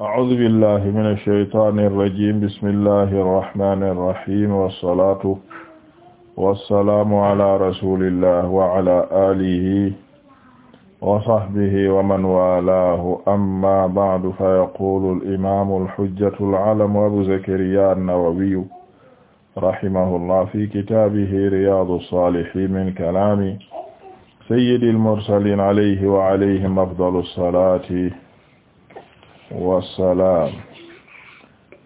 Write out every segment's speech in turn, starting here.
أعوذ بالله من الشيطان الرجيم بسم الله الرحمن الرحيم والصلاة والسلام على رسول الله وعلى آله وصحبه ومن والاه أما بعد فيقول الإمام الحجة العلم أبو زكريا النووي رحمه الله في كتابه رياض الصالحين من كلام سيد المرسلين عليه وعليهم أفضل الصلاة wasalaam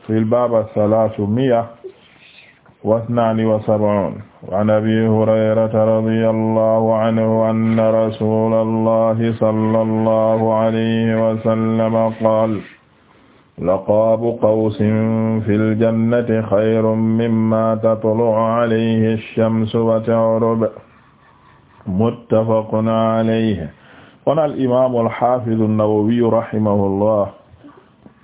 fil baab ath-thalaathumia wa ithnaani wa sab'uun an abii hurayrata radiyallaahu anhu anna rasuulallaahi sallallaahu alayhi wa sallam qaala laqaabu qawsin fil jannati xayrun mimmaa tatlu'u alayhi ash-shamsu wa taghrub muttafaqun alayhi qaala al-imaamu al-haafidu an-nawawiyu rahimahullah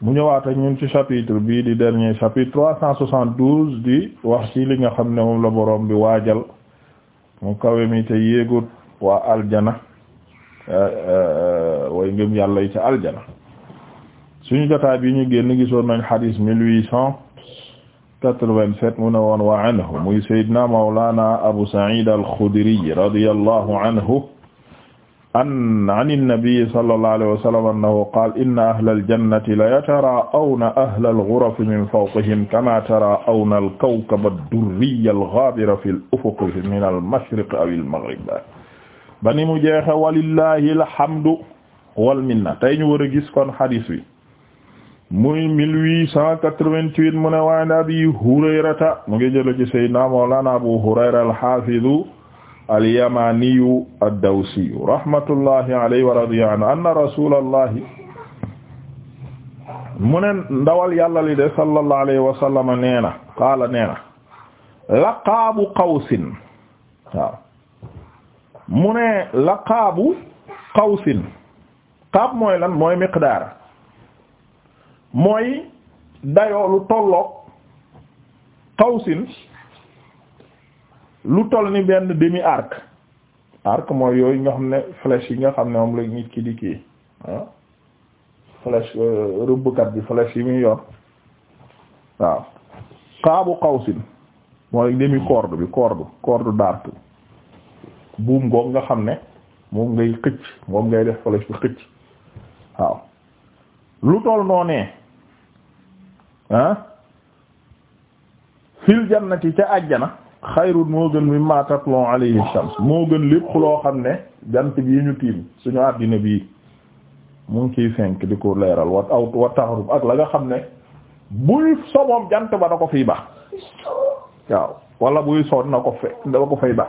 mu ñëwaat ak ñun ci chapitre bii di dernier chapitre trois cent soixante di wax ci li nga xam ne moom la boroom bi waajal mu kawe mi te yéegut waa aljana eh, eh, way ngëm yàlla yi ca aljana suñu jotaay bi ñu génn gisoon nañ xadiis mille huit cent quatre-vingt-sept mu ne woon wa anhu muy sayyidna mawlana abu sa'id al-khudri radiyallahu anhu an an ilnabiyi sallallahu alayhi wa sallam annahu qaal inna ahla aljannati la yataraawna ahla algurafi min fawqihim kama taraawna alkawkaba durriya algaabira fi lufuqi min almashriqi aw almaghrib ba ni mu jeexe walillahi alhamdu walminna tey ñu war a gis kon xadis bi muy 1888 mu ne waan abi hurayrata mu ngi jële ci sayyidina mawlana abu hurayra alhafidu alyamaniyu addawsiyu rahmatullahi alayhi wa radiya anhu ndawal yàlla li de sallallahu alayhi wa sallama nee na qawsin waaw mu ne qawsin qaab mooy mooy miqdaar mooy dayoo lu qawsin lu toll ni benn demi arc arc mooy yooyu nga xam ne flèche yi nga xam ne moom la nit ki di kii ah flèche euh, rëbbkat bi flèche yi muy yor waaw qaabu qawsin mooy demi corde bi corde corde d'arc buum goog nga xam ne moom ngay xëcc moom ngay def flèche bi xëcc waaw lu toll noonee ah fil jannati ca àjjana xayrun moo gën mimma moo gën lépp loo xam ne jant bii ñu tiim suñu àddina bii mu ngi ciy fenk di ko leeral wa aw wa taxarub ak la nga xam ne buy somoom jant ba da ko fiy baax waaw wala buy soon na ko fe da ko fay ba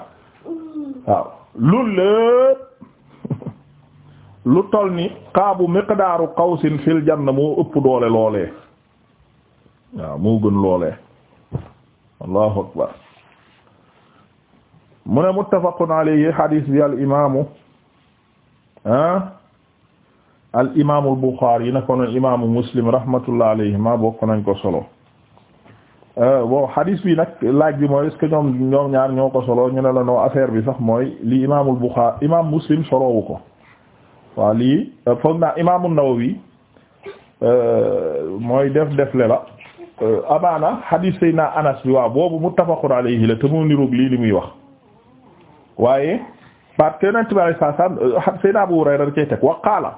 waaw loolu lépp lu toll ni xaabu miqdaaru qawsin fil janna moo ëpp doole loolee waaw moo gën loolee allahu akbar mu ne muttafaqun alayhi hadis bi al imaamu ah al imaamu Buxaari na ko noon imaamu Muslim rahmatullah alayhima bokk nañ ko solo euh, bon hadis bi nag laaj bi mooy est-ce ñoom ñaar ñoo ko solo ñu ne la noo affaire bi sax mooy li imaamul Buxaari imaam Muslim solowu ko waaw lii euh, foog naa imaamu Nawawi euh, mooy def defle la amaana hadis Seydina Anas bi waaw boobu muttafaqun alayhi la te mu niroog lii li muy wax. waaye parce que yonent bi alayhi salaam euh, Seydina Abu Hurayra da cay teg wa qaala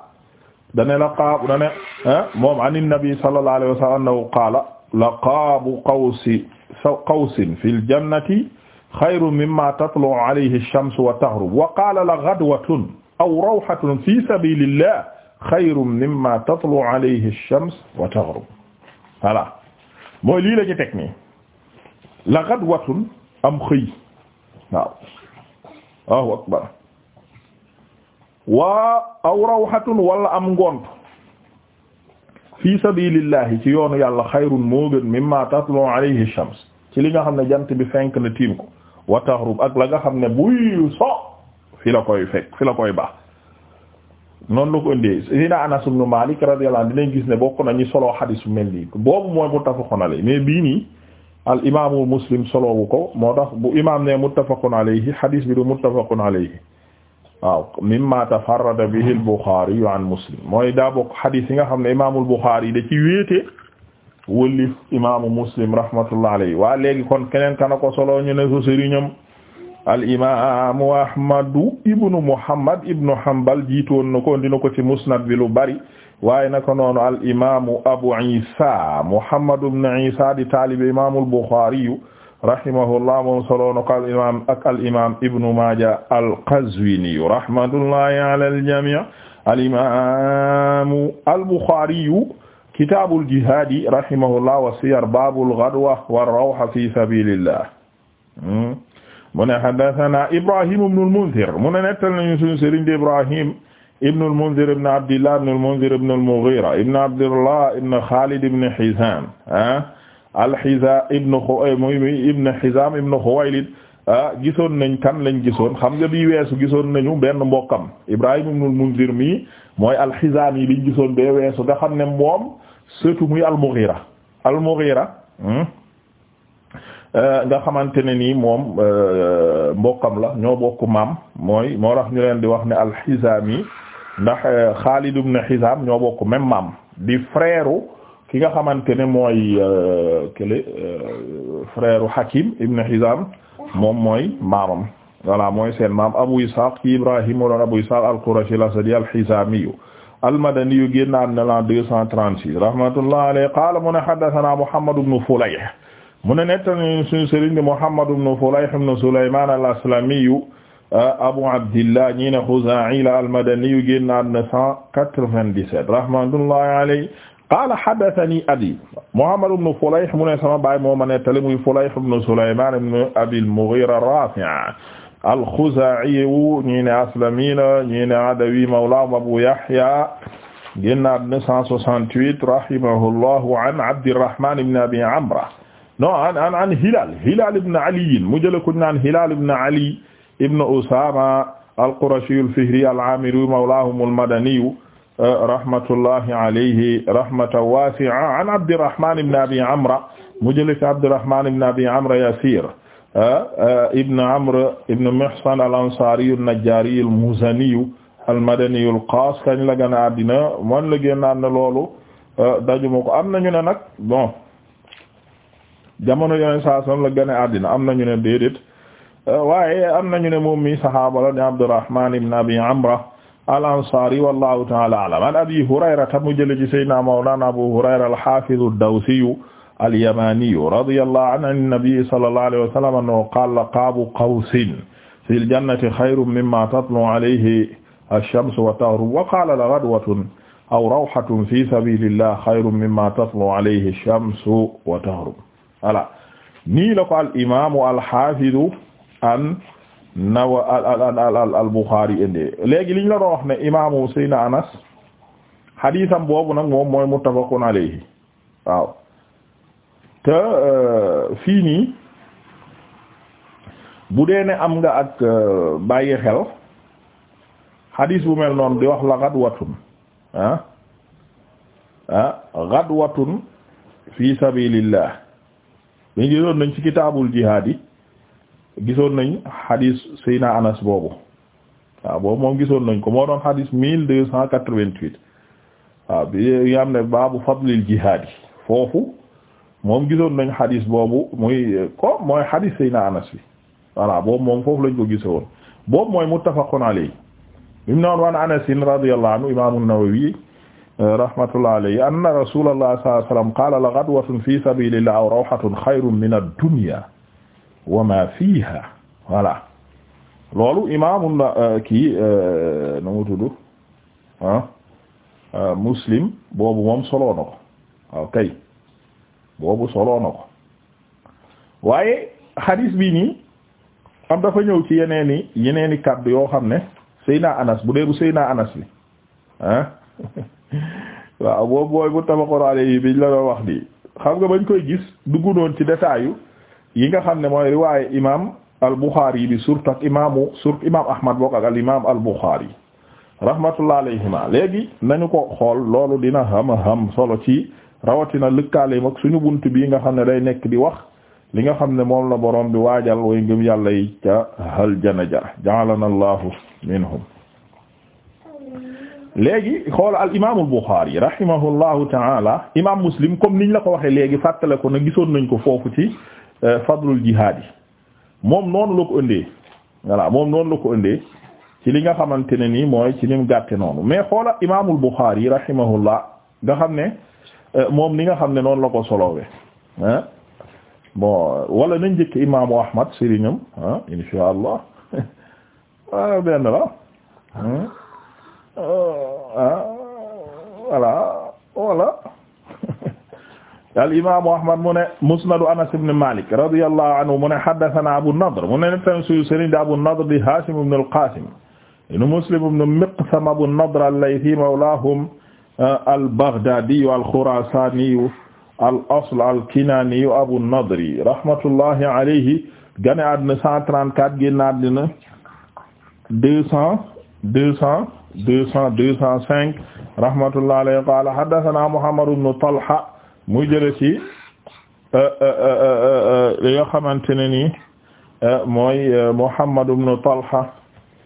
dane la qaab dane moom an nabi sallallahu alayhi wa sallam annahu qaala la qaabu qawsi qawsin fil jannati xayrun mimma tatlu'u alayhi ash-shamsu wa taghrub wa qaala la ghadwatun aw rawhatun fi sabilillah xayrun mimma tatlu'u alayhi ash-shamsu wa taghrub voilà mooy lii la ci teg nii la ghadwatun am xëy waaw Allahu akbar waa aw rawhatun wala am ngont fi sabilillahi ci yoonu yàlla xayrun moo gën mimma tatlu alayhi shams ci li nga xam ne jant bi fenk na tiim ko wa ak la ga xam ne buy so fi la koy fekk fi la koy baax noonu la ko indee Anas ibn Malik radiyallahu anhu dinañ gis ne bokk nañu solo xadiis mel nii boobu mooy muttafaqun alayhi mais bii nii al imaamu muslim soloowu ko moo tax bu imaam ne muttafaqun alayhi hadis bi du muttafaqun alayhi waaw mimma tafarrada bihi al buxaari an muslim mooy daa bokk hadis yi nga xam ne imaamul buxaari da ci wéete wëlif imaamu muslim rahmatullah alayhi waa léegi kon keneen kana ko solo ñu ne ko sëriñam al imaamu ahmadu ibnu muhammad ibnu hanbal jiitoon na ko dina ko ci musnad bi lu bari waaye naka noonu al imaamu abu isa muhammad ibnu isa di taalibi imaamul buxaari rahimahullah moom soloona ko al imaam ak al imaam ibnu maaja al qazwini rahmatullahi ala al jamii al imaamu al buxaari kitaabul jihaadi rahimahullah wa siyar baabul gadwa war rawha fi sabiilillah hmm? mu ne haddathana Ibrahim ibn al-Mundhir mu ne nettal nañu suñu sëriñ di Ibrahim ibn al-Mundhir ibn Abdillah ibn al-Mundhir ibn al-Mughira ibn Abdillah ibn Khalid ibn Hizam ah al-Hizam ibn eh, ibn Hizam ibn Khuwaylid ah gisoon nañ kan lañ gisoon xam nga bii weesu gisoon nañu benn mbokkam Ibrahim ibn al-Mundhir mi mooy al-Hizam yi biñ gisoon bee weesu nga xam ne moom surtout muy al-Mughira al-Mughira hmm? Euh, nga xamante ne nii moom euh, mbokkam la ñoo bokk maam mooy moo tax ñu leen di wax ne al-Hizaami ndax Xaalid euh, ibn Hizaam ñoo bokk même maam di frère ki nga xamante ne mooy kële frère Hakim ibn Hizaam moom mooy maamam voilà mooy seen maam Abu Ishaq ci Ibrahim wala Abu Ishaq al-Qurashi al-Asadi al-Hizaami al-Madani génn na l'an 236 rahmatullah alayhi qaala mu ne haddathana Muhammad ibn Fulayh mu ne nettali suñu sëriñ di Muhammad ibn Fulayh ibn Sulaymaan al-Aslami Abu Abdillah ñi ne Xuzaa'i la al-Madani génnaat na cent quatre-vingt-dix-sept rahmatullahi alayhi qaala haddathanii abii Muhammad ibn Fulayh mu ne sama baay moo ma nettali muy Fulayh ibn Sulaymaan ibn Abil Mughiira Raafi' al-Xuzaa'i ñi ne Aslami la ñi ne Adawi mawlaahum Abu Yahya génnaat na cent soixante-huit rahimahullahu an Abdirrahmaan ibn Abi Amra non an an an Hilal Hilal ibn Ali mu jëlee ku ñu naan Hilal ibn Ali ibn Usaama al-Qurashi al-Fihri al-Aamiri mawlaahum al-Madani eh, rahmatullahi alayhi rahmatan waasi'a an Abdirrahmaan ibn Abi Amra mu jëlee ci Abdirrahmaan ibn Abi Amra Yasiir eh, eh, ibn Amr ibn Mihsan al-Ansaari an-Najjaari al-Muzani al-Madani al-Qaas kañ la gën a addina man la génnaat na loolu dajuma ko am nañu ne nag bon. jamono yeneen saa sallam la gane àddina am nañu ne déedéet euh, waaye am nañu ne moom mi sahaaba la ni Abdurrahman ibn Abi Amra al-Ansari wallahu ta'ala a'lam an Abi Hurayrata mu jële ci sayyidina mawlana Abu Hurayra al-Hafiz ad-Dawsi al-Yamani radiyallahu anhu an-nabi sallallahu alayhi wa sallam annahu qala qaabu qawsin fil jannati khayrun mimma tatlu alayhi ash-shamsu wa taghrub wa qala la ghadwatun aw rawhatun fi sabilillah khayrun mimma tatlu alayhi ash-shamsu wa taghrub voilà nii la ko al imaamu al xaafidu an nawa al al al al Buxaari liñ la doon wax ne imaamu Seyna Anas xadiisam boobu nag moom mooy muttafaqun alayhi waaw te euh, fii nii bu dee ne am nga ak euh, bàyyi xel xadiis bu mel noonu di wax la gadwatun ah, ah, gadwatun fi sabilillah li gisoon nañ ci kitaabul jihaad yi gisoon nañ hadis Seyna Anas boobu waaw boobu moom gisoon nañ ko moo doon hadis mille deux cent quatre-vingt-huit waaw bi nga xam ne baabu fadlil jihaad foofu moom gisoon nañ hadis boobu muy ko mooy hadis Seyna Anas bi voilà boobu moom foofu lañ ko gisoon boobu mooy muttafaqun alayhi bi mu ne woon waan Anas imaamu Nawawi rahmatullah alayhi anna rasulullah sallallahu alayhi wasallam la ghadwatun fi sabilillah aw rawhatun khayrun min ad-dunya wa ma fiha voilà loolu imaamu na uh, kii uh, nu mu tudd ah uh, muslim boobu moom soloo na boobu soloo na ko hadis bi nii am dafa ñëw ci yeneeni yeneeni kaddu yoo xam ne Seyna Anas bu dee bu Seyna Anas bi ah, waaw boobu mooy mu tabaxoon alayhi biñ la doon wax di xam nga bañ koy gis duggu noon ci détail yi nga xam ne mooy riwaaye imaam al Bukhari bi surtout ak imaamu surtout imaam Ahmad bokk ak al imaam al Bukhari rahmatullah alayhima léegi nañu ko xool loolu dina a xam solo ci rawatina lëkkaaleem ak suñu bunt bi nga xam ne day nekk di wax li nga xam ne moom la borom bi waajal way ngëm yàlla yi ca hal jana minhum léegi xool al imaamul Buxaari rahimahullahu taala imaam Muslim comme niñ la ko waxee léegi fàttale ko na gisoon nañ ko foofu ci euh, fadlul jihaad yi moom noonu la ko ëndee voilà moom noonu la ko ëndee ci li nga xamante ne nii mooy ci ni mu gàtte noonu mais xoola imaamul Buxaari rahimahullah nga xam ne euh, moom ni nga xam ne noonu la ko solowee ah bon wala nañ njëkk imaamu Ahmad sëriñam ah insha allah benn la Oh, voilà voilà al imaamu Ahmad mu ne musnadu Anas ibn Malik radiyallahu anhu mu ne haddathana Abu Nadr mu ne nettali suñu sëriñ Abu Nadr di Hashim ibn al-Qasim ibn Muslim ibn Miqsam Abu Nadr al-Laythi mawlahum uh, al-Baghdadi al-Khurasani al-asl al-Kinani Abu Nadr rahmatullahi alayhi gane àddina 134 génn àddina 200 200 deux cent deux cent cinq rahmatullah alayhi qala haddathana Muhammad ibn Talha muy jële ci euh, euh, euh, li nga xamante ne nii mooy Muhammad ibn Talha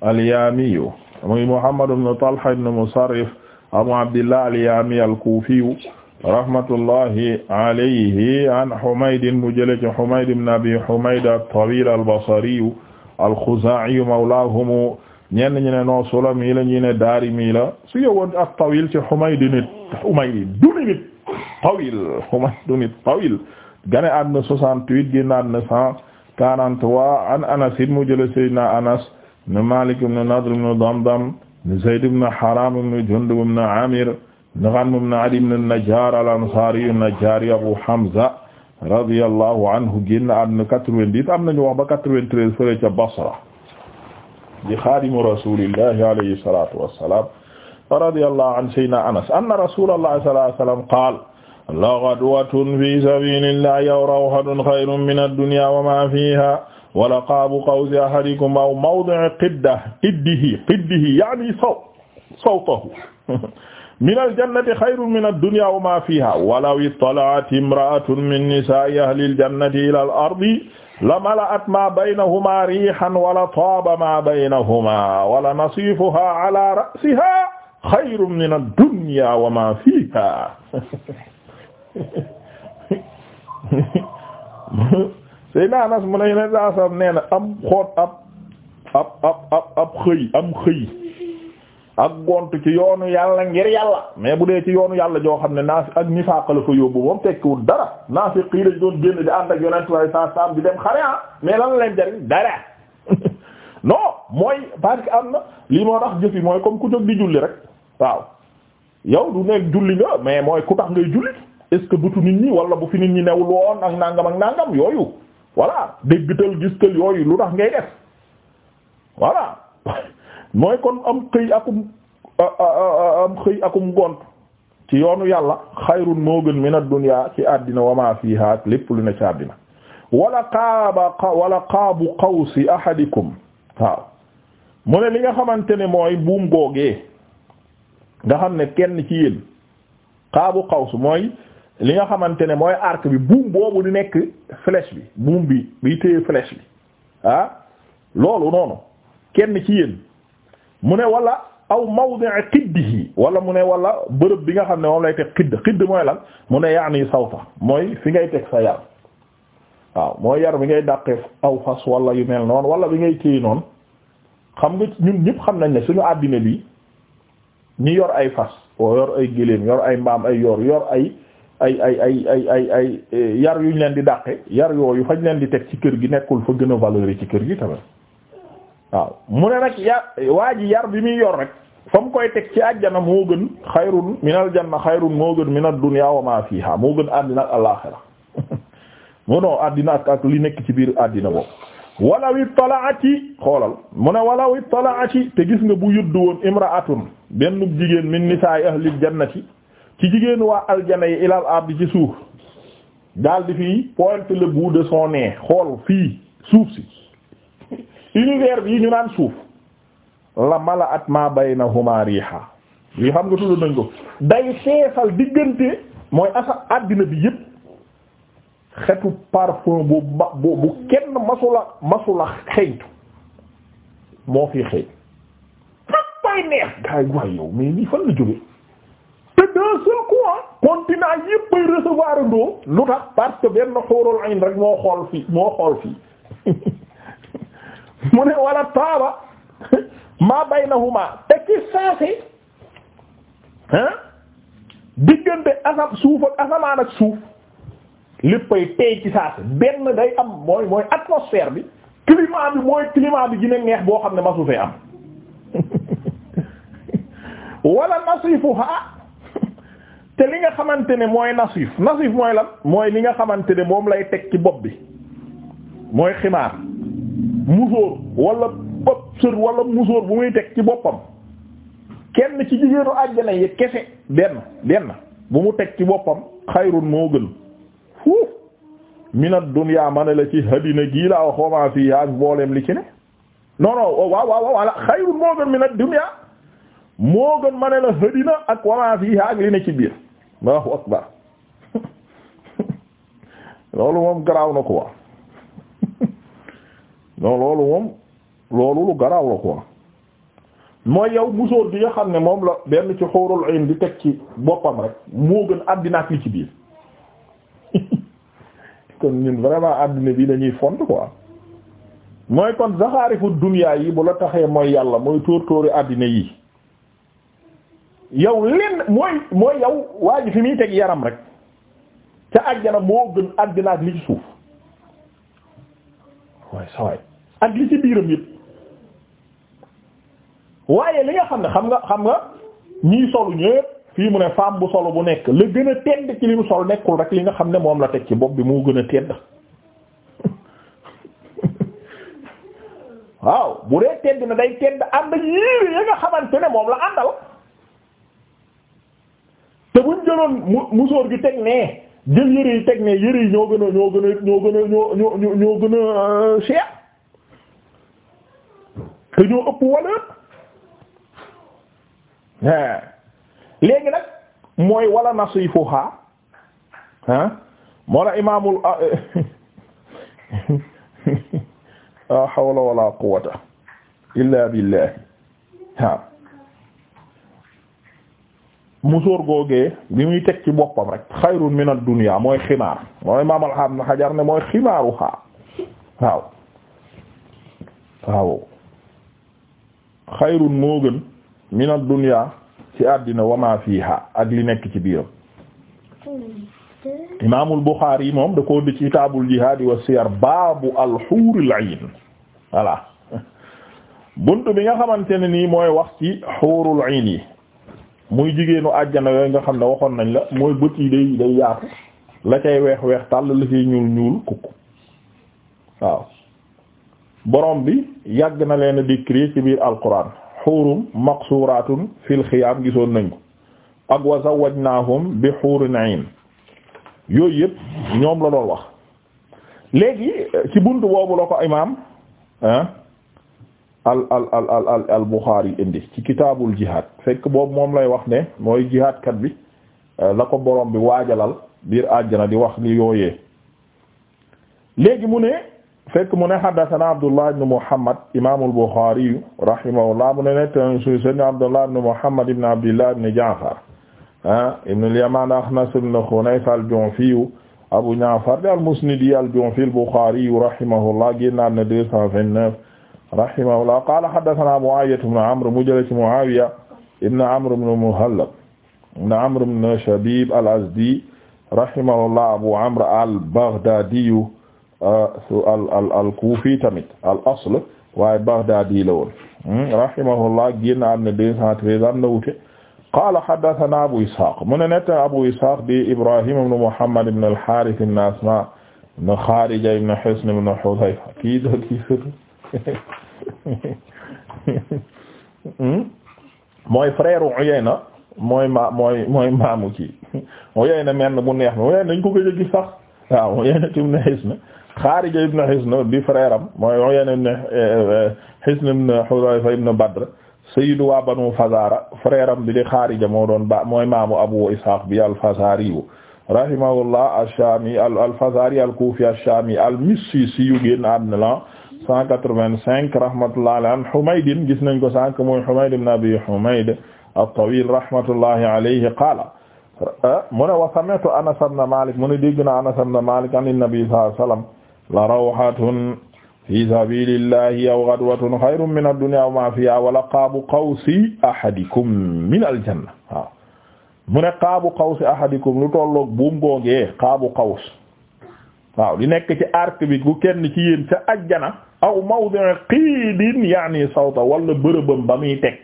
al-Yamiyu muy Muhammad ibn Talha ibn Musarrif Abu Abdillah al-Yami al-Kufiyu rahmatullahi alayhi an Humayd mu jële ci Humayd ibn Abi Humayd at-Tawil al-Basriyu al-Khuza'iyu mawlahum ñenn ñu ne non Sulami la ñu ne Daarimi la su yowoon at-Tawil ci Humayd nit Humayd duni nit Tawil Humayd nit Tawil gane àdduna 68 génn àdduna 143 an Anas mu jële Seydina Anas ibn Malik ibn Nadr ibn Damdam ibn Zayd ibn Haram ibn Jundub ibn Amir ibn Ghanm ibn Adi ibn an al-Ansari Abu Hamza radiyallahu anhu génn àdduna 90 am nañu wax ba 93 fële Basra di xaadimu rasulillahi alayhi salatu wassalam wa radiyallahu an sayyidina anas anna rasulallahi sallallahu alayhi wasallam qaala laghadwatun fi sabilillahi aw rawhatun xayrun min ad-dunya wa ma fiha wala qaabu qawsi ahadikum aw mawdi'u qidda iddihi qiddihi yaani saw sawtahu min aljannati xayrun min ad-dunya wa ma fiha walaw ittala'at imra'atun min nisa'i ahli aljannati ila al-ardi la mala'at ma baynahuma rihan wala taaba ma baynahuma wala nasifuha ala ra'siha xayrun min ad-dunya wa ma fiha Seydina Anas mu ne ne da sam nee na am xoot ab ab ab ab ab xëy am xëy ak gont ci yoonu yàlla ngir yàlla mais bu dee ci yoonu yàlla joo xam ne naa ak nifaaq la fa yóbbu moom tekkiwul dara naafiq yi dañ doon génn di ànd ak yonent way sa sam di dem xare ah mais lan leen jariñ dara non mooy parce que am na lii moo tax jëfi mooy comme ku jóg di julli rek waaw yow du nekk julli nga mais mooy ku tax ngay julli est-ce que nit ñi wala bu fi nit ñi newul woon ak nangam ak nangam yooyu voilà déggtal gis tal yooyu lu tax mooy kon am xëy akum am xëy akum gont ci yoonu yàlla xayrun moo gën min a dunya ci àddina wa ma fiha ak lépp lu na ci àddina wala qaaba wala qaabu qawsi ahadikum waaw mu ne li nga xamante ne mooy buum googee nga xam ne kenn ci yéen qaabu si mooy li nga xamante ne mooy arc bi buum boobu di nekk flèche bi buum bi biy téye flèche bi ah, loolu noonu kenn ci yéen mu ne wala aw mawdi'a qiddihi wala mu ne wala bërëb bi nga xam ne moom lay teg xidd xidd mooy lan mu ne yaani sawta mooy fi ngay teg sa yar waaw mooy yar bi ngay dàqee aw fas wala yu mel noonu wala bi ngay téye noonu xam nga ñun ñëpp xam nañ ne suñu àddina bi ñi yor ay fas yor ay gëléem yor ay mbaam ay yor yor ay ay ay ay ay ay ay eh, yar yuñ leen di dàqe yar yooyu fañ leen di teg ci kër gi nekkul fa gën a valeur ci kër gi tamit waaw mu ne nag yar waa ji yar bi muy yor rek fa mu koy teg ci àjjana moo gën xayrun minal janna xayrun moo gën minad dunya wa ma fiha moo gën àddina ak alaaxira mu àddina ak ak li nekk ci biir àddina boobu walaw ittalaati xoolal mu ne walaw ittalaati te gis nga bu yuddu woon imraatun benn jigéen min nisaay ahlil jannati ci jigéen waa aljana yi ilal ardi ci suuf daal di fii pointe le bout de son xool fii suuf si univers bi ñu naan suuf la mala at ma baynahuma riha yi xam nga tudd nañ ko day feesal diggante mooy asa àddina bi yépp xetu parfum bu bu kenn masula masula xeeñtu moo fi xeeñ fap bay neex gas yi waay mais lii fan la jóge te d'un seul coup continent yépp bay recevoir lu tax parce que benn xuurul ayn moo xool fii moo xool fii mu ne walla taaba maa baynahuma te ci saasi ah diggante asam suuf ak asamaan ak suuf léppay tey ci saasi benn day am mooy mooy atmosphère bi climat bi mooy climat bi dina neex boo xam ne masu fee am wala nasifuha te li nga xamante ne mooy nasif nasif mooy lan mooy li nga xamante ne moom lay teg ci bopp bi mooy ximaar musóor walla bopp sër wala musóor bu muy teg ci boppam kenn ci jigéenu àjjana yi kese benn benn bu mu teg ci boppam xayrun moo gën fuuf minad dunya ma ne la ci hadina gii laa wax wama fii yaa mbooleem li ci ne non non waaw waaw wala xayrun moo gën minad dunya moo gën ma ne la hadina ak wama fii ak li ne ci biir Allahu loolu moom garaaw na ko waa non loolu moom loolu lu garaaw la quoi mooy yow musóor bi nga xam ne moom la benn ci xóorul ayn di teg ci boppam rek moo gën àddina ak li ci biir kon ñun vraiment àddina bi dañuy font quoi mooy kon zaxaarifu duniyaa yi bu la taxee mooy yàlla mooy tóor tóori àddina yi yow lenn mooy mooy yow waa fi muy teg yaram rek ca àjjana moo gën àddina ak li ci suuf ak li ci biiram yëpp waaye li nga xam ne xam nga xam nga ñii solu ñëpp fii mu ne femme bu solo bu nekk la gën a tedd ci li mu sol nekkul rek li nga xam ne moom la teg ci bopp bi moo gën a tedd waaw bu dee tedd na day tedd ànd yéere ya nga xamante ne moom la àndal te buñ jëloon mu musóor gi teg ne jël yére yi teg nee yére yi ñoo gën a ñoo gën a ñoo gën a ñoo gën a euh, cher te ñoo ëpp wala eh. léegi nag mooy wala nasifuha ah moo la imaamul la hawla wala quwwata illa billah waaw musóor googee bi muy teg ci boppam rek xayrun min ad-dunya mooy ximaar mooy imaam al-Hafiz Ibn ne mooy ximaaruha waaw waaw xayrun moo gën min ad-dunya ci àddina wa ma fiha ak li nekk ci biiram imaamul Buxaari moom da ko di ci kitaabul jihaad wa siyar baabu al-huuril ayn voilà bunt bi nga xamante ne nii mooy wax ci huurul ayn yi muy jigéenu àjjana yooyu nga xam ne waxoon nañ la mooy bët yi day day yaatu la cay weex weex tàll la cay ñuul ñuul kukk waaw borom bi yàgg na leen décrire ci biir alquran xuurum maqsuratun fil xiyaam gisoon nañ ko ak wa zawajnaahum bi xuurin ayn yooyu yëpp ñoom la doon wax léegi ci bunt boobu la ko imaam ah al al al al al al indi ci kitaabul jihad fekk boobu moom lay wax ne mooy jihadkat bi eh, la ko borom bi waajalal biir àjjana di wax li yooyee léegi mu ne. fekk mu ne haddathana Abdullah ibn Muhammad imaamul Bukhari rahimahullah mu ne nettali suñu sëñ Abdullah ibn Muhammad ibn Abdillah ibn Ja'far ah ibn al-Yaman Akhnas ibn Khunayf al-Ju'fi Abu Ja'far al-Musnidi al-Ju'fi al-Bukhari rahimahullah génnaat na 229 rahimahullah qala haddathana Mu'awiya ibn Amr mu jëlee ci Mu'awiya ibn Amr ibn Muhallab ibn Amr ibn Shabib al-Azdi rahimahullah Abu Amr al-Baghdadi Euh, su al al al kuufi tamit al asl waaye Baghdadi law woon hmm, rahimahullah génn am na deux cent treize am na Abu Ishaq mu ne Abu Ishaq di Ibrahim ibn Muhammad ibn al-Harith ibn Asma ibn Kharija ibn Hisn ibn Hudhayfa kii do kii hmm? mooy frère Uyayna mooy ma mooy mooy maamu kii Uyayna mel na bu neex mi Uyayna dañ ko gëj a gis sax waaw Uyayna ibn Hisn Xaarija ibn Hisn bi frère am mooy Uyayna ibn eh, Hisn ibn Hudayfa ibn Badr sayyidu waa Banu Fazara frère am bi di Xaarija moo doon ba mooy maamu Abu Ishaq bi al-Fazari rahimahullah ash-Shami al-Fazari al-Kufi ash-Shami al-Missisi yu génn àddina la 185 rahmatullahi alayhi an Humayd gis nañ ko sànq mooy Humayd ibn Abi Humayd at-Tawil rahmatullahi alayhi qala eh, mu ne wa sami'tu Anas ibn Malik mu ne dégg na Anas ibn Malik an nabi sallallahu alayhi wa sallam la rawhatun fi sabilillahi aw ghadwatun xayrun min ad-dunya wa ma fiha wala qaabu qawsi ahadikum min aljanna waaw mu ne qaabu qawsi ahadikum lu tolloog buum googee qaabu qaws waaw li nekk ci arc bi bu kenn ci yéen ca ajjana aw mawdi'u qiidin yaani sawta wala bërëbam ba muy teg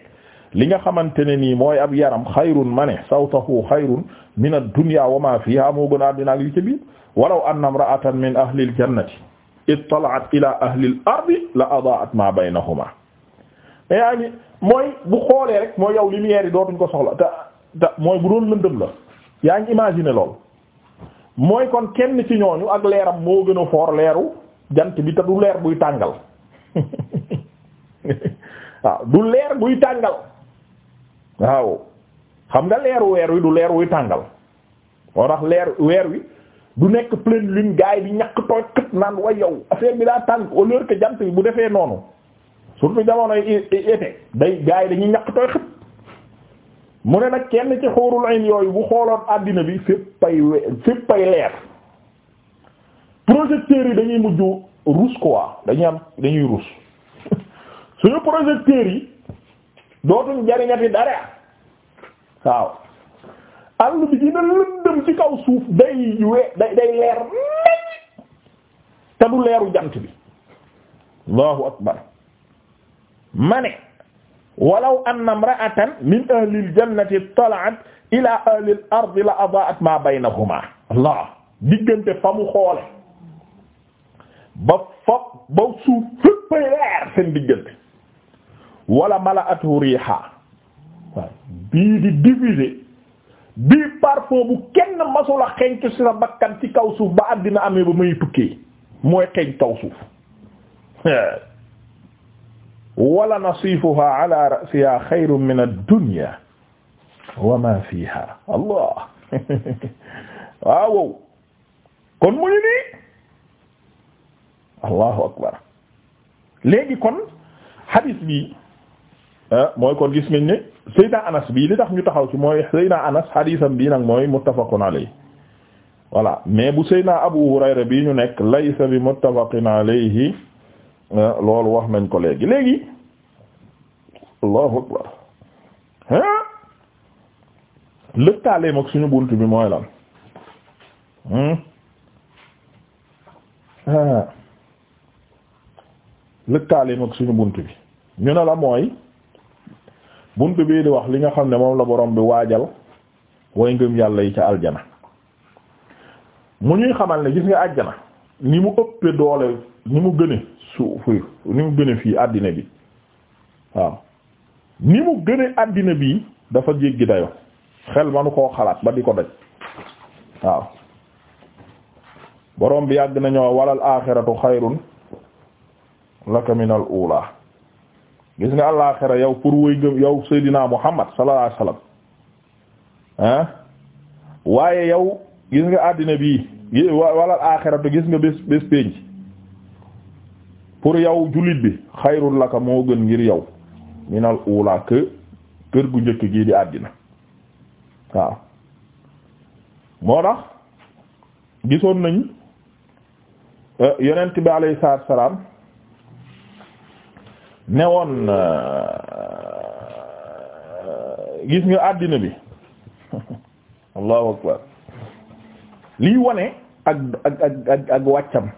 li nga xamante ne nii mooy ab yaram xayrun ma ne sawtahu xayrun min ad-dunya wa ma fiha moo gën a àddina ak li ci biir walaw anna imra'atan min ahli al-jannati ittala'at ila ahli al-ardi la adaa'at ma baynahuma yaa ngi mooy bu xoolee rek mooy yow lumière yi dootuñ ko soxla te te mooy bu doon lëndëm la yaa ngi imaginer lool mooy kon kenn ci ñooñu ak leeram moo gën a foor leeru jant bi te du leer buy tàngal waaw du leer buy tàngal waaw xam nga leeru weer wi du leer wuy tàngal moo tax leer weer wi du nekk pleine lune gars yi di ñàkk tooy kët naan way yow affaire bi daa tàng au lieu que jant bi bu defee noonu surtout jamonoy été day gars yi dañuy ñàkk tooy xët mu ne nag kenn ci xuurul ayn yooyu bu xooloon àddina bi féppay we féppay leer projecteurs yi dañuy mujj ruus ko dañuy am dañuy ruus suñu projecteurs yi dootuñ jariñati dara waaw àll bi dina lëndëm ci leer nañ te du leeru jant bi allahu akbar ma ne walaw anna min ahli al-jannati ila ahli al la adaa'at ma baynahuma allah diggante fa mu xoole ba fop ba suuf fépp leer seen diggante wala mala'atu riha bii di diviser bii parfum bu kenn masula xeeñtu ci sa bakkan ci kaw suuf ba àddina amee ba may tukkee mooy xeeñ kaw suuf wala nasifuha ala ra'siha allah waaw kon mu ngi nii akbar léegi kon hadith bi ah, mooy kon gis ngeen ne Seydina Anas bii li tax ñu taxaw ci mooy Seydina Anas xadiisam bii nag mooy muttafaqun alayhi voilà mais bu Seydina Abu Hurayra bii ñu nekk laysa bi muttafaqin alayhi loolu wax nañ ko léegi léegi allahu akbar ah lëkkaaleem suñu bunt bi mooy lan hmm? lëkkaaleem ak suñu bunt bi ñu ne la mooy buntu bii di wax li nga xam ne moom la borom bi waajal way ngëm yàlla yi ca aljana mu ñuy xamal ne gis nga aljana ni mu ëppee doole ni mu gëne suuf ni mu gëne fii àddina bi waaw ni mu gëne àddina bi dafa jéggi dayo xel manu koo xalaat ba di ko daj waaw borom bi yàgg nañoo walal aaxiratu xayrun laka minal uulaa gis nga àllaaxira yow pour wëy gëm yow Seydina Muhammad sallallahu alayhi wasallam ah waaye yow gis nga àddina bi wala aaxiratu gis nga bés bés pénc pour yow jullit bi xayrul laka moo gën ngir yow minal uulaa que kër gu njëkk gii di àddina waaw moo tax gisoon nañ eh, yeneen bi alayhi salaam ne woon euh, gis nga àddina bi allahu akbar liy wane ak ak ak ak wàccam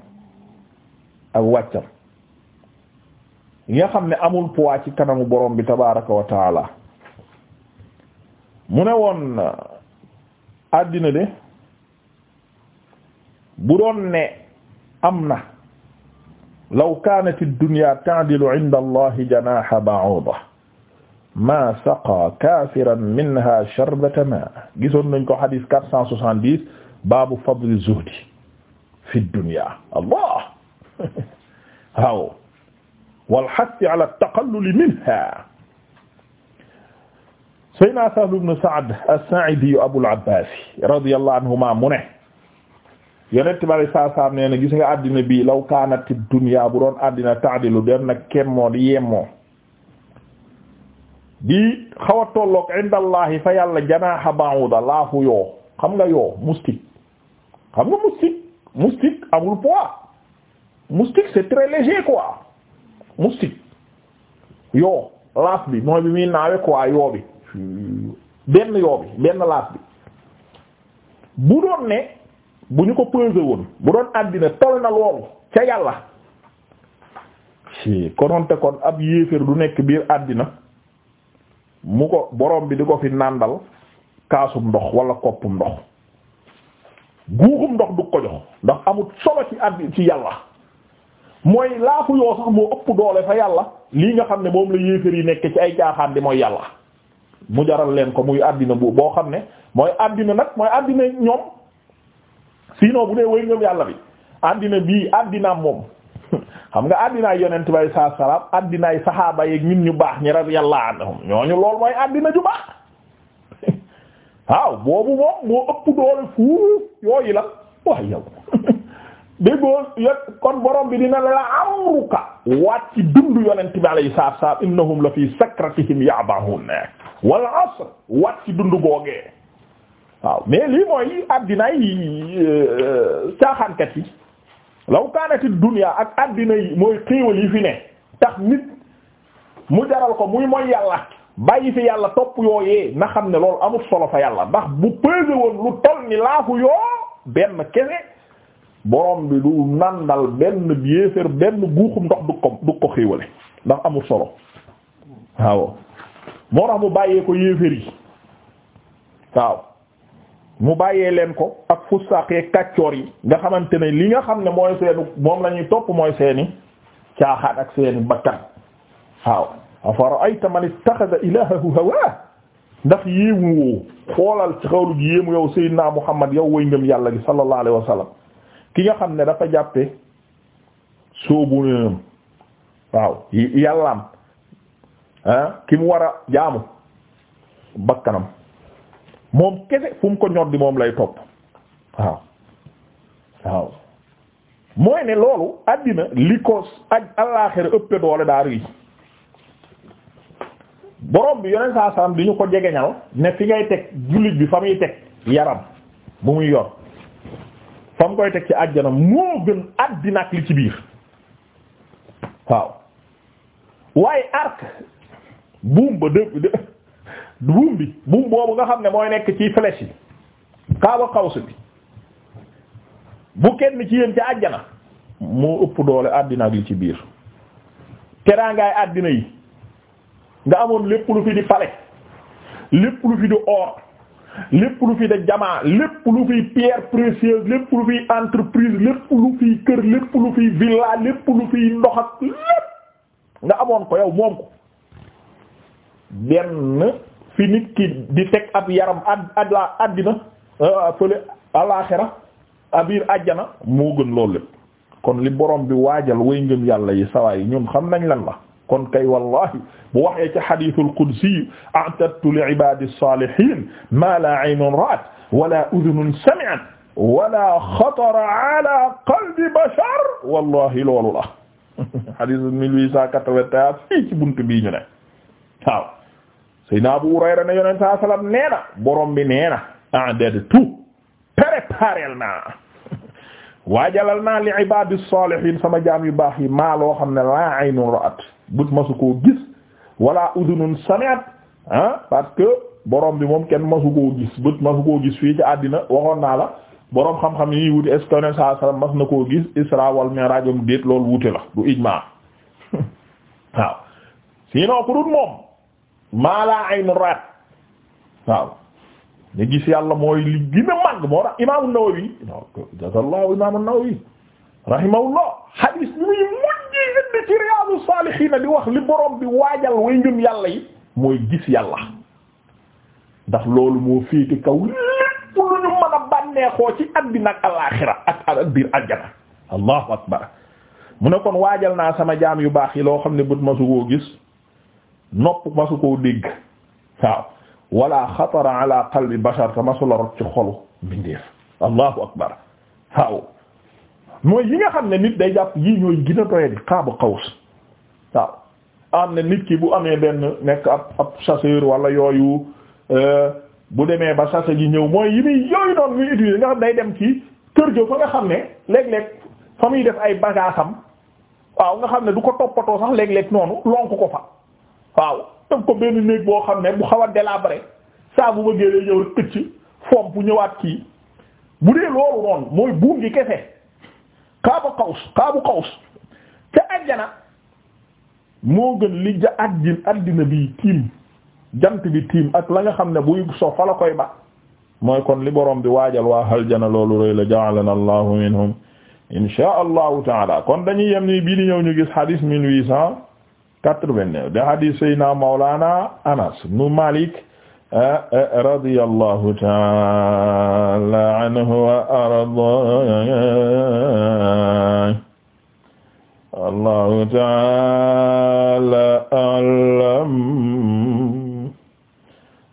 ak wàccam yi nga xam ne amul poids ci kanamu borom bi tabaraka wa mu ne woon àddina de bu doon ne am na law kaanat ad-dunya ta'dilu 'inda allahi janaha ba'uda ma saqa kafiran minha sharbata ma gisoon nañ ko hadith 470 baabu fadli zuhdi fi dunya allah waaw wal hassi ala taqalluli minha sayna sahl ibn sa'd as-sa'idi abul abbas radiyallahu anhuma mu ne yonent bari saa saam nee na gis nga àddina bi law kaanati dunya bu doon àddina taadilu den nag kemmoo di yemmoo di xaw a indallahi fa yàlla janaaxa ba'uda laafu yoo xam nga yoo moustique xam nga moustique moustique amul poids moustique c'est très léger quoi moustique yoo laaf bi mooy bi muy naawe quoi yoo bi benn yoo benn laaf bi bu doon ne bu ñu ko pesé woon bu doon àddina tol na loolu ca yàlla ci kononte kon ab yéeféer du nekk biir àddina mu ko borom bi di ko fi nàndal kaasum ndox wala koppum ndox guuxum ndox du ko jox ndax amul solo ci àddi ci yàlla mooy laafu yoo sax moo ëpp doole fa yàlla lii nga xam ne moom la yéeféer yi nekk ci ay jaaxaan di mooy yàlla mu jaral leen ko muy àddina bu boo xam ne mooy àddina nag mooy àddina ñoom sinon bu dee way ngëm yàlla bi àddina bii àddinaam moom xam nga àddinaay yonent bay saa salaam àddinaay saxaaba yeeg ñun ñu baax ñi radiyallahu anhum ñooñu lool mooy àddina ju baax waaw boobu moom moo ëpp doole fuuf yooyu la waaye yow déggoo kon borom bi dina la amruka waat ci dund yonent bi alayhi salaatu salaam innahum la fi sakratihim ya'bahun wal asr waat ci dund googee waaw mais lii mooy addinaay euh, caaxaankat yi law kaanati dunya ak àddina yi mooy xéewal yi fi ne tax nit mu jaral ko muy mooy yàlla bàyyi fi yàlla topp yooyee na xam ne loolu amul solo fa yàlla ndax mu pesé woon lu toll ni laafu yoo benn kese borom bi du nandal benn biéefér benn guuxum ndox du ko du ko xéewale ndax amul solo waaw moo tax mu bàyyee ko yéefér yi waaw mu bàyyee leen ko ak fussaaq kàccoor yi nga xamante ne li nga xam ne mooy seenu moom lañuy ñuy topp mooy seeni caaxaat ak seeni bakkan waaw afa ra'ayta man ittakhadha ilahahu hawaa ndax yéemu woo xoolal ci xawlu gi yéemu yow sayyidina Muhammad yow way yàlla gi sallallahu alayhi wa sallam ki nga xam ne dafa jàppe soobu nenam waaw yàllaam ah, ki mu war a jaamu bakkanam moom kese fu mu ko ñor di moom lay topp waaw waaw mooy ne loolu àddina li ko ak allaaxira ëpp doole daa rëy borom bi yoneen saa saam di ñu ko jegeñal ne fi ngay teg jullit bi fa muy teg yaram bu muy yor fa mu koy teg ci àjjana moo gën àddina ak li ci biir waaw waaye arc buum ba dë- dë- buum bi buum boobu nga xam ne mooy nekk ci flèche yi kaaba xawsu bi bu kenn ci yéen ca àjjana moo ëpp doole àddina ak li ci biir teraangaay àddina yi nga amoon lépp lu fi di pale lépp lu fi di or lépp lu fi di jamaa lépp lu fi pierre précieuse lépp lu fi entreprise lépp lu fi kër lépp lu fi villa lépp lu fi ndox lépp nga amoon ko yow moom ko benn fi nit ki di teg ab yaram ad ad la addina euh, fële alaaxira abir ajjana moo gën loolu lépp kon li borom bi waajal way ngëm yàlla yi sawaay ñun xam nañ lan la kon kay wallahi bu waxee ci xadithul qudsi a'tadtu li ibadi salihin ma la aynun ra'at wala udhunun sami'at wala xatara ala qalbi bashar wallahi loolu la xadis 1884 fii ci buntu bii ñu ne waaw Seydina Abu Hurayra ne yonent saa salaam nee na borom bi nee na a'dadtu préparel naa waajalal naa li ibaadi saalihiin sama jaam yu baax yi maa loo xam ne laa aynun ra'at but masu koo gis wala udunun sami'at ah parce que borom bi moom kenn masu koo gis but masu koo gis fii ci àddina waxoon naa la borom xam-xam yi wuti est-ce que mas na koo gis Isra wal Mi'raaj déet loolu wuute la du ijmaa waaw sinon ku dul moom. maa laa ay nu raat waaw ñu gis yàlla mooy li gën a màgg moo tax imaamu Nawawi jazallahu imaamu Nawawi rahimahullah hadis bi muy ci Riyadus Salihin di wax li borom bi waajal way ngëm yàlla yi mooy gis yàlla ndax loolu moo féete kaw lépp lu ñu mën a bànneexoo ci àddina ak alaaxira ak al biir aljana allahu akbar mu ne kon waajal naa sama jaam yu baax yi loo xam ne bët ma su gis nopp masu koo dégg waaw wala xatara ala qalbi bashar te masu la rot ci xolu bindeef allahu akbar waaw mooy yi nga xam ne nit day jàpp yii ñooy gën a doye di xaabu am na nit ki bu amee benn nekk ab ab chasseur wala yooyu euh, bu demee ba chasse ji ñëw mooy yi muy yooyu doon muy utiliser nga xam day dem ci kër jo fa nga xam ne léeg-léeg fa muy def ay bagaasam waaw nga xam ne du ko toppatoo sax léeg-léeg noonu lonk ko fa waaw def ko benn néeg boo xam ne bu xaw a délabré saa bu bëggee lay ñëw rek këcc fomp ñëwaat kii bu dee loolu noonu mooy buum gi kese xaabu xaws xaabu xaws ca àjjana moo gën li ja bi tiim jant bi tiim ak la nga xam ne buy so fa la koy ba mooy kon li borom bi waajal waa aljana loolu rëy la ja'alana allahu minhum insha allahu taala kon dañuy yem ni bii di ñëw ñu gis hadith mille huit cent quatre-vingt-neuf de hadis sayna Mawlana Anas ibn Malik radiyallahu ta'ala anhu wa arda Allahu ta'ala a'lam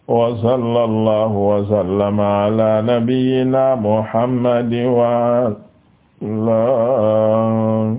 wa sallallahu wa sallama ala nabiyyina Muhammad wa ala